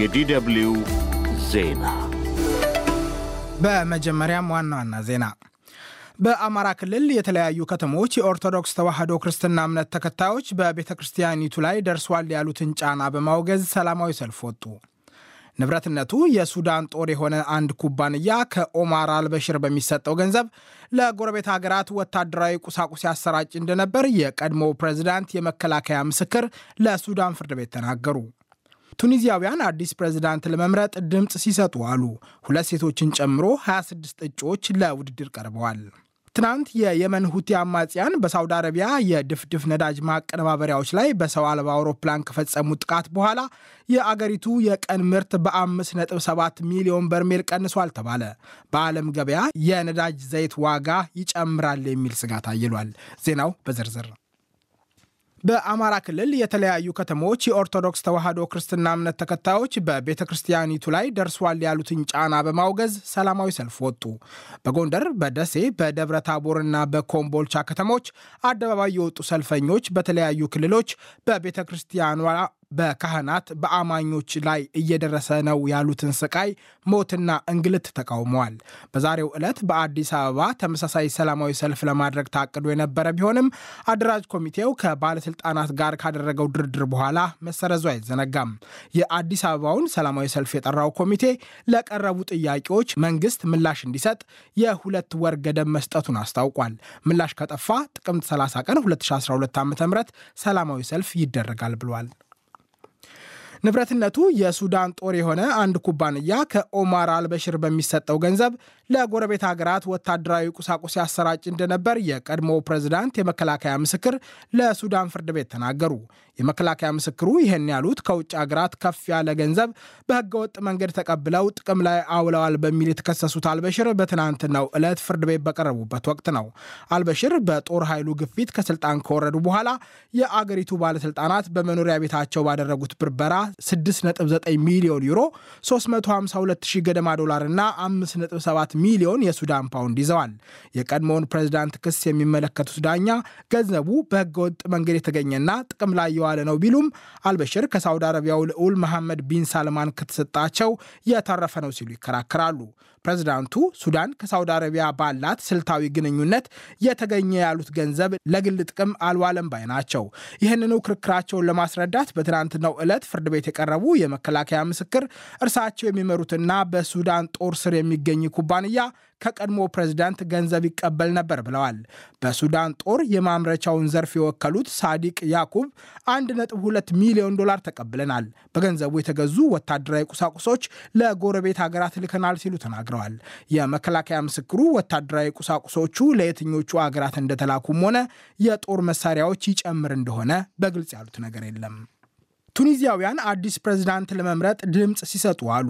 የዲደብሊው ዜና በመጀመሪያም ዋና ዋና ዜና በአማራ ክልል የተለያዩ ከተሞች የኦርቶዶክስ ተዋህዶ ክርስትና እምነት ተከታዮች በቤተ ክርስቲያኒቱ ላይ ደርሷል ያሉትን ጫና በማውገዝ ሰላማዊ ሰልፍ ወጡ። ንብረትነቱ የሱዳን ጦር የሆነ አንድ ኩባንያ ከኦማር አልበሽር በሚሰጠው ገንዘብ ለጎረቤት ሀገራት ወታደራዊ ቁሳቁስ ያሰራጭ እንደነበር የቀድሞ ፕሬዚዳንት የመከላከያ ምስክር ለሱዳን ፍርድ ቤት ተናገሩ። ቱኒዚያውያን አዲስ ፕሬዝዳንት ለመምረጥ ድምፅ ሲሰጡ አሉ። ሁለት ሴቶችን ጨምሮ 26 እጩዎች ለውድድር ቀርበዋል። ትናንት የየመን ሁቲ አማጽያን በሳውዲ አረቢያ የድፍድፍ ነዳጅ ማቀነባበሪያዎች ላይ በሰው አልባ አውሮፕላን ከፈጸሙት ጥቃት በኋላ የአገሪቱ የቀን ምርት በ5.7 ሚሊዮን በርሜል ቀንሷል ተባለ። በዓለም ገበያ የነዳጅ ዘይት ዋጋ ይጨምራል የሚል ስጋት አይሏል። ዜናው በዝርዝር በአማራ ክልል የተለያዩ ከተሞች የኦርቶዶክስ ተዋሕዶ ክርስትና እምነት ተከታዮች በቤተ ክርስቲያኒቱ ላይ ደርሷል ያሉትን ጫና በማውገዝ ሰላማዊ ሰልፍ ወጡ። በጎንደር፣ በደሴ፣ በደብረ ታቦርና በኮምቦልቻ ከተሞች አደባባይ የወጡ ሰልፈኞች በተለያዩ ክልሎች በቤተ ክርስቲያኗ በካህናት በአማኞች ላይ እየደረሰ ነው ያሉትን ስቃይ፣ ሞትና እንግልት ተቃውመዋል። በዛሬው ዕለት በአዲስ አበባ ተመሳሳይ ሰላማዊ ሰልፍ ለማድረግ ታቅዶ የነበረ ቢሆንም አደራጅ ኮሚቴው ከባለስልጣናት ጋር ካደረገው ድርድር በኋላ መሰረዙ አይዘነጋም። የአዲስ አበባውን ሰላማዊ ሰልፍ የጠራው ኮሚቴ ለቀረቡ ጥያቄዎች መንግስት ምላሽ እንዲሰጥ የሁለት ወር ገደብ መስጠቱን አስታውቋል። ምላሽ ከጠፋ ጥቅምት 30 ቀን 2012 ዓ ም ሰላማዊ ሰልፍ ይደረጋል ብሏል። ንብረትነቱ የሱዳን ጦር የሆነ አንድ ኩባንያ ከኦማር አልበሽር በሚሰጠው ገንዘብ ለጎረቤት ሀገራት ወታደራዊ ቁሳቁስ ያሰራጭ እንደነበር የቀድሞ ፕሬዝዳንት የመከላከያ ምስክር ለሱዳን ፍርድ ቤት ተናገሩ። የመከላከያ ምስክሩ ይህን ያሉት ከውጭ ሀገራት ከፍ ያለ ገንዘብ በህገወጥ መንገድ ተቀብለው ጥቅም ላይ አውለዋል በሚል የተከሰሱት አልበሽር በትናንትናው ዕለት ፍርድ ቤት በቀረቡበት ወቅት ነው። አልበሽር በጦር ኃይሉ ግፊት ከስልጣን ከወረዱ በኋላ የአገሪቱ ባለስልጣናት በመኖሪያ ቤታቸው ባደረጉት ብርበራ 6.9 ሚሊዮን ዩሮ፣ 352 ሺህ ገደማ ዶላር እና 5.7 ሚሊዮን የሱዳን ፓውንድ ይዘዋል። የቀድሞውን ፕሬዝዳንት ክስ የሚመለከቱት ዳኛ ገንዘቡ በህገወጥ መንገድ የተገኘና ጥቅም ላይ የዋለ ነው ቢሉም አልበሽር ከሳውዲ አረቢያው ልዑል መሐመድ ቢን ሳልማን ከተሰጣቸው የተረፈ ነው ሲሉ ይከራከራሉ። ፕሬዚዳንቱ ሱዳን ከሳውዲ አረቢያ ባላት ስልታዊ ግንኙነት የተገኘ ያሉት ገንዘብ ለግል ጥቅም አልዋለም ባይ ናቸው። ይህንኑ ክርክራቸውን ለማስረዳት በትናንትናው ዕለት ፍርድ ቤት ቤት የቀረቡ የመከላከያ ምስክር እርሳቸው የሚመሩትና በሱዳን ጦር ስር የሚገኝ ኩባንያ ከቀድሞ ፕሬዝዳንት ገንዘብ ይቀበል ነበር ብለዋል። በሱዳን ጦር የማምረቻውን ዘርፍ የወከሉት ሳዲቅ ያኩብ 1.2 ሚሊዮን ዶላር ተቀብለናል፣ በገንዘቡ የተገዙ ወታደራዊ ቁሳቁሶች ለጎረቤት ሀገራት ልከናል ሲሉ ተናግረዋል። የመከላከያ ምስክሩ ወታደራዊ ቁሳቁሶቹ ለየትኞቹ ሀገራት እንደተላኩም ሆነ የጦር መሳሪያዎች ይጨምር እንደሆነ በግልጽ ያሉት ነገር የለም። ቱኒዚያውያን አዲስ ፕሬዝዳንት ለመምረጥ ድምፅ ሲሰጡ አሉ።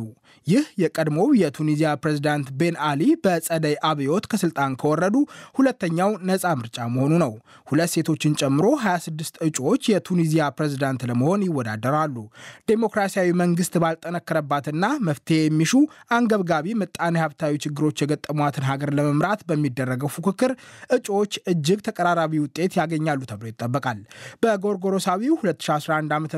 ይህ የቀድሞው የቱኒዚያ ፕሬዝዳንት ቤን አሊ በጸደይ አብዮት ከስልጣን ከወረዱ ሁለተኛው ነፃ ምርጫ መሆኑ ነው። ሁለት ሴቶችን ጨምሮ 26 እጩዎች የቱኒዚያ ፕሬዝዳንት ለመሆን ይወዳደራሉ። ዴሞክራሲያዊ መንግስት ባልጠነከረባትና መፍትሄ የሚሹ አንገብጋቢ ምጣኔ ሀብታዊ ችግሮች የገጠሟትን ሀገር ለመምራት በሚደረገው ፉክክር እጩዎች እጅግ ተቀራራቢ ውጤት ያገኛሉ ተብሎ ይጠበቃል። በጎርጎሮሳዊው 2011 ዓ ም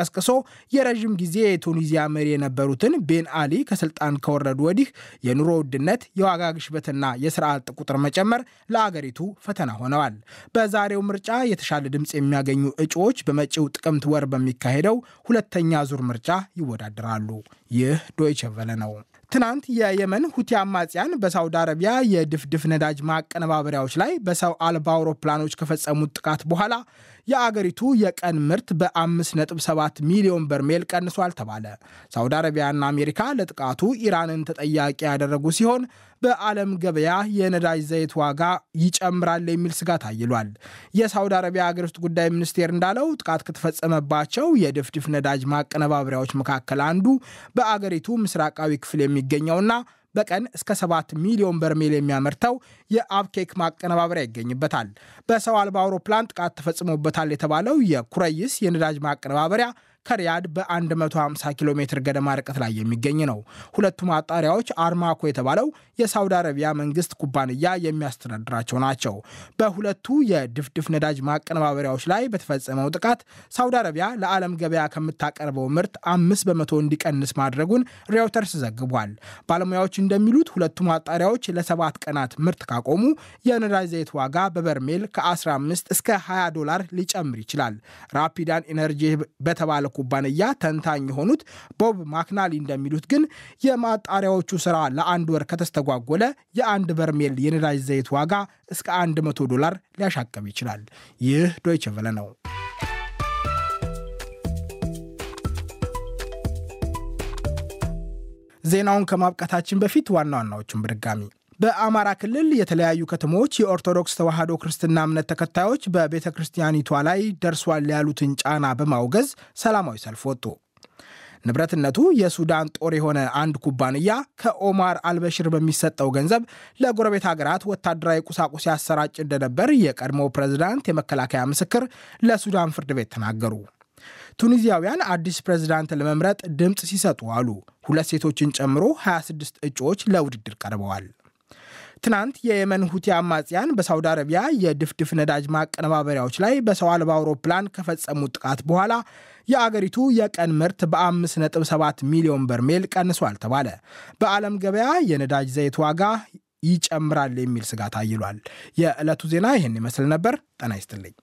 ቀስቅሶ የረዥም ጊዜ የቱኒዚያ መሪ የነበሩትን ቤን አሊ ከስልጣን ከወረዱ ወዲህ የኑሮ ውድነት፣ የዋጋ ግሽበትና የስራ አጥ ቁጥር መጨመር ለአገሪቱ ፈተና ሆነዋል። በዛሬው ምርጫ የተሻለ ድምፅ የሚያገኙ እጩዎች በመጪው ጥቅምት ወር በሚካሄደው ሁለተኛ ዙር ምርጫ ይወዳደራሉ። ይህ ዶይቸ ቨለ ነው። ትናንት የየመን ሁቲ አማጽያን በሳውዲ አረቢያ የድፍድፍ ነዳጅ ማቀነባበሪያዎች ላይ በሰው አልባ አውሮፕላኖች ከፈጸሙት ጥቃት በኋላ የአገሪቱ የቀን ምርት በ5.7 ሚሊዮን በርሜል ቀንሷል ተባለ። ሳውዲ አረቢያና አሜሪካ ለጥቃቱ ኢራንን ተጠያቂ ያደረጉ ሲሆን በዓለም ገበያ የነዳጅ ዘይት ዋጋ ይጨምራል የሚል ስጋት አይሏል። የሳውዲ አረቢያ አገር ውስጥ ጉዳይ ሚኒስቴር እንዳለው ጥቃት ከተፈጸመባቸው የድፍድፍ ነዳጅ ማቀነባበሪያዎች መካከል አንዱ በአገሪቱ ምስራቃዊ ክፍል የሚገኘውና በቀን እስከ 7 ሚሊዮን በርሜል የሚያመርተው የአብኬክ ማቀነባበሪያ ይገኝበታል። በሰው አልባ አውሮፕላን ጥቃት ተፈጽሞበታል የተባለው የኩረይስ የነዳጅ ማቀነባበሪያ ከሪያድ በ150 ኪሎ ሜትር ገደማ ርቀት ላይ የሚገኝ ነው። ሁለቱ ማጣሪያዎች አርማኮ የተባለው የሳውዲ አረቢያ መንግስት ኩባንያ የሚያስተዳድራቸው ናቸው። በሁለቱ የድፍድፍ ነዳጅ ማቀነባበሪያዎች ላይ በተፈጸመው ጥቃት ሳውዲ አረቢያ ለዓለም ገበያ ከምታቀርበው ምርት አምስት በመቶ እንዲቀንስ ማድረጉን ሬውተርስ ዘግቧል። ባለሙያዎች እንደሚሉት ሁለቱ ማጣሪያዎች ለሰባት ቀናት ምርት ካቆሙ የነዳጅ ዘይት ዋጋ በበርሜል ከ15 እስከ 20 ዶላር ሊጨምር ይችላል። ራፒዳን ኢነርጂ በተባለ ኩባንያ ተንታኝ የሆኑት ቦብ ማክናሊ እንደሚሉት ግን የማጣሪያዎቹ ስራ ለአንድ ወር ከተስተጓጎለ የአንድ በርሜል የነዳጅ ዘይት ዋጋ እስከ 100 ዶላር ሊያሻቀብ ይችላል። ይህ ዶይቸ ቨለ ነው። ዜናውን ከማብቃታችን በፊት ዋና ዋናዎቹን በድጋሚ በአማራ ክልል የተለያዩ ከተሞች የኦርቶዶክስ ተዋሕዶ ክርስትና እምነት ተከታዮች በቤተ ክርስቲያኒቷ ላይ ደርሷል ያሉትን ጫና በማውገዝ ሰላማዊ ሰልፍ ወጡ። ንብረትነቱ የሱዳን ጦር የሆነ አንድ ኩባንያ ከኦማር አልበሽር በሚሰጠው ገንዘብ ለጎረቤት ሀገራት ወታደራዊ ቁሳቁስ ያሰራጭ እንደነበር የቀድሞ ፕሬዝዳንት የመከላከያ ምስክር ለሱዳን ፍርድ ቤት ተናገሩ። ቱኒዚያውያን አዲስ ፕሬዝዳንት ለመምረጥ ድምፅ ሲሰጡ አሉ። ሁለት ሴቶችን ጨምሮ 26 እጩዎች ለውድድር ቀርበዋል። ትናንት የየመን ሁቲ አማጽያን በሳውዲ አረቢያ የድፍድፍ ነዳጅ ማቀነባበሪያዎች ላይ በሰው አልባ አውሮፕላን ከፈጸሙት ጥቃት በኋላ የአገሪቱ የቀን ምርት በ5.7 ሚሊዮን በርሜል ቀንሷል ተባለ። በዓለም ገበያ የነዳጅ ዘይት ዋጋ ይጨምራል የሚል ስጋት አይሏል። የዕለቱ ዜና ይህን ይመስል ነበር። ጤና ይስጥልኝ።